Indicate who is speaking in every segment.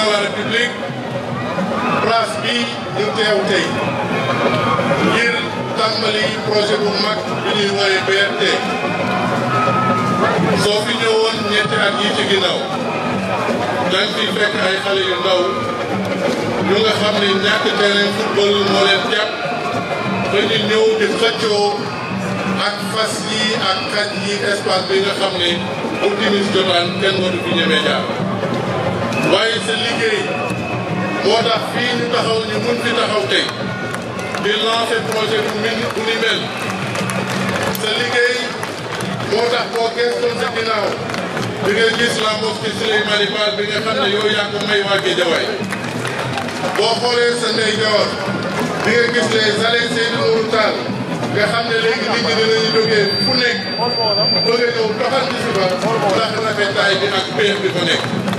Speaker 1: président bi ñu projet bu soo fi ñëwoon ñetti at yi ci ginnaaw dañ fi fekk ay xale yu ndaw ñu nga xam ne ñàkk terrain football moo leen jàpp ba ñëw di xëccoo ak fas yi ak xaj yi espace bi nga xam ne bu timis jotaan kenn waru fi ñemee jaar waaye sa liggéey moo tax fii ñu taxaw ñu mun fi taxaw tey di lancer projet bu min bu ni mel sa liggéey moo tax boo gëstoon sa ginnaaw di nga gis la mosquée Souleymane Fall bi nga xam ne yow yaa may waa Guédiawaye boo xoolee sa ndeyjoor di nga gis les allées Seydou Nourou Tall nga xam ne léegi nit ñi dinañu jógee fu nekk bëgg a ñëw doxal ci suba ndax rafetaay bi ak pexe bi fa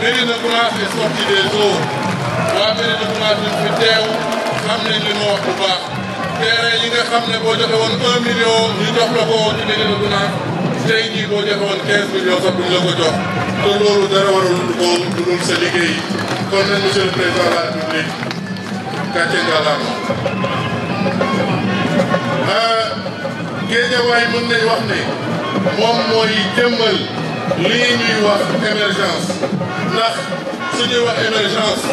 Speaker 1: Médina Gounass est sorti des eaux waa Médina Gounass ñu fi teew xam nañ li ma wax bu baax terrain nga xam ne boo joxe woon 1 million ñu jox la ko ci Médina Gounass tey jii boo joxe woon 15 millions sax duñ la ko jox te dara warul ko lu dul sa liggéey kon nag monsieur le président de la République gàcce ngalaama euh, Guédiawaye mën wax ne moom mooy jëmmal lii ñuy wax émergence ndax su ñuy wax émergence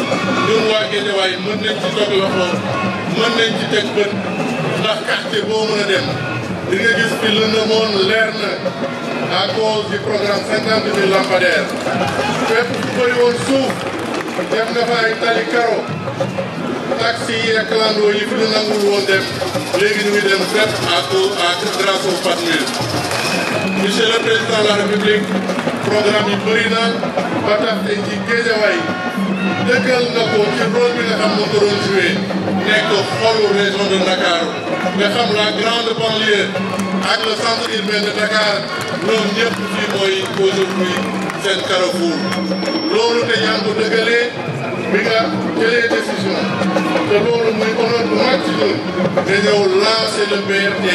Speaker 1: ñun waa Guédiawaye mën nañ ci toog loxoom mën nañ ci teg bët ndax quartier boo mën a dem di nga gis fi lëndëmoon leer na à cause programme cinquante mille lampadaires fépp ku suuf def nga fa ay tali karo taxi yi ak clando nangul woon dem léegi ñu ngi dem fépp à cause à grâce monsieur le président de la république programme yi bëri na ba tax tey ci géejawaay dëkkal na ko ci rôle bi nga xam moo ko doon joué nekk xolu région de Dakar nga xam la grande banlieue ak le centre urbain de Dakar ñoom ñëpp fii mooy aujourd'hui seen carrefour loolu te yaa ngi ko dëggalee bi nga jëlee décision te loolu muy honneur bu mag ci ñun nga ñëw lancer le BRT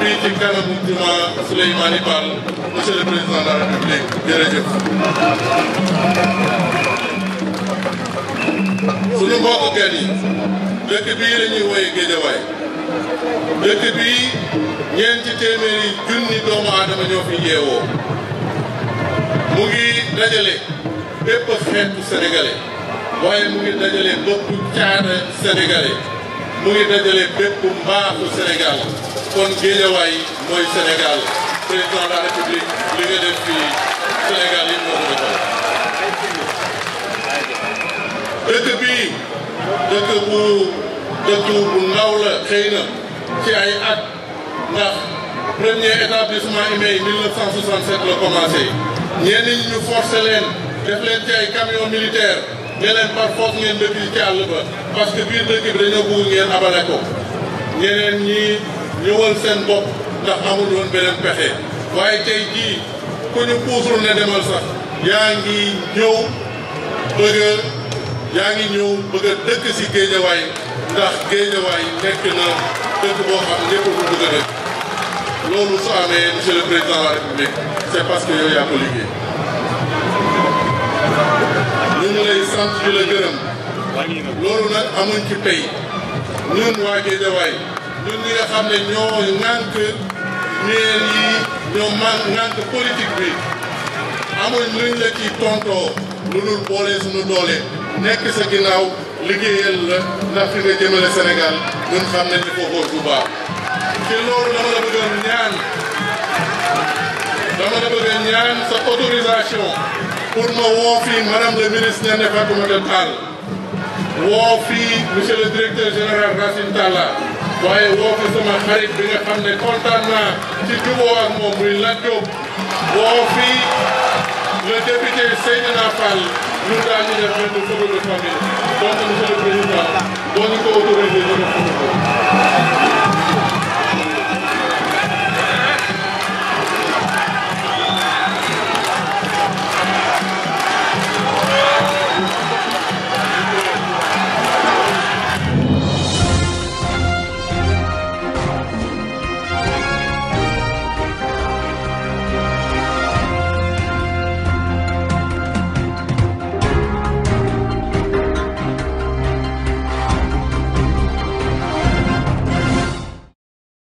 Speaker 1: fii ci kanamu jumaa Souleymane Baal monsieur le président de la république jërëjëf. suñu mbokku yi dëkk bii la ñuy woowee Géejawaay dëkk bii ñeenti téeméeri junni doomu aadama ñoo fi yeewoo mu ngi dajale bépp xeetu sénégalais waaye mu ngi dajale bépp caada sénégalais mu ngi dajale bépp mbaaxu Sénégal. kon Guédiawaye mooy Sénégal président de la li nga def fii Sénégal yi moo ko defal dëkk bi dëkk bu dëkk bu ndaw la xëy na ci ay at ndax premier établissement IMEI 1967 la commencé ñenn ñu forcé leen def leen ci ay camion militaire ne leen par force ngeen dëkk ci àll ba parce que biir dëkk bi dañoo bëgg ngeen abale ko ñeneen ñi ñëwal seen bopp ndax amul woon beneen pexe waaye tey jii ku ñu puusul ne demal sax yaa ngi ñëw bëgg yaa ngi ñëw bëgg a dëkk si géejawaay ndax géejawaay nekk na dëkk boo xam ñëpp ko bëgg dëkk loolu su amee monsieur le président de la république c'est parce que yow yaa ko liggéey ñu lay sant di la gërëm loolu nag amuñ ci pay ñun waa géejawaay ñun ñi nga ne ñoo ŋànk mairie yi ñoo man ŋànk politique bi amuñ luñ la ci tontoo lu dul boole suñu doole nekk sa ginnaaw liggéeyal la ndax fi nga jëmale Sénégal ñun xam ne di kookoo bu baax ci loolu dama la bëggoon ñaan dama la bëgg ñaan sa autorisation pour ma woo fii madame le ministre Néné Fatoumata Tall woo fii monsieur le directeur waaye woo fi xarit bi nga xam ne kontaan naa ci juboo ak moom muy Lat woo fi le député Seydina Fall ñu daal ñu def benn photo de famille donc monsieur le président boo ñu ko autorisé ñu def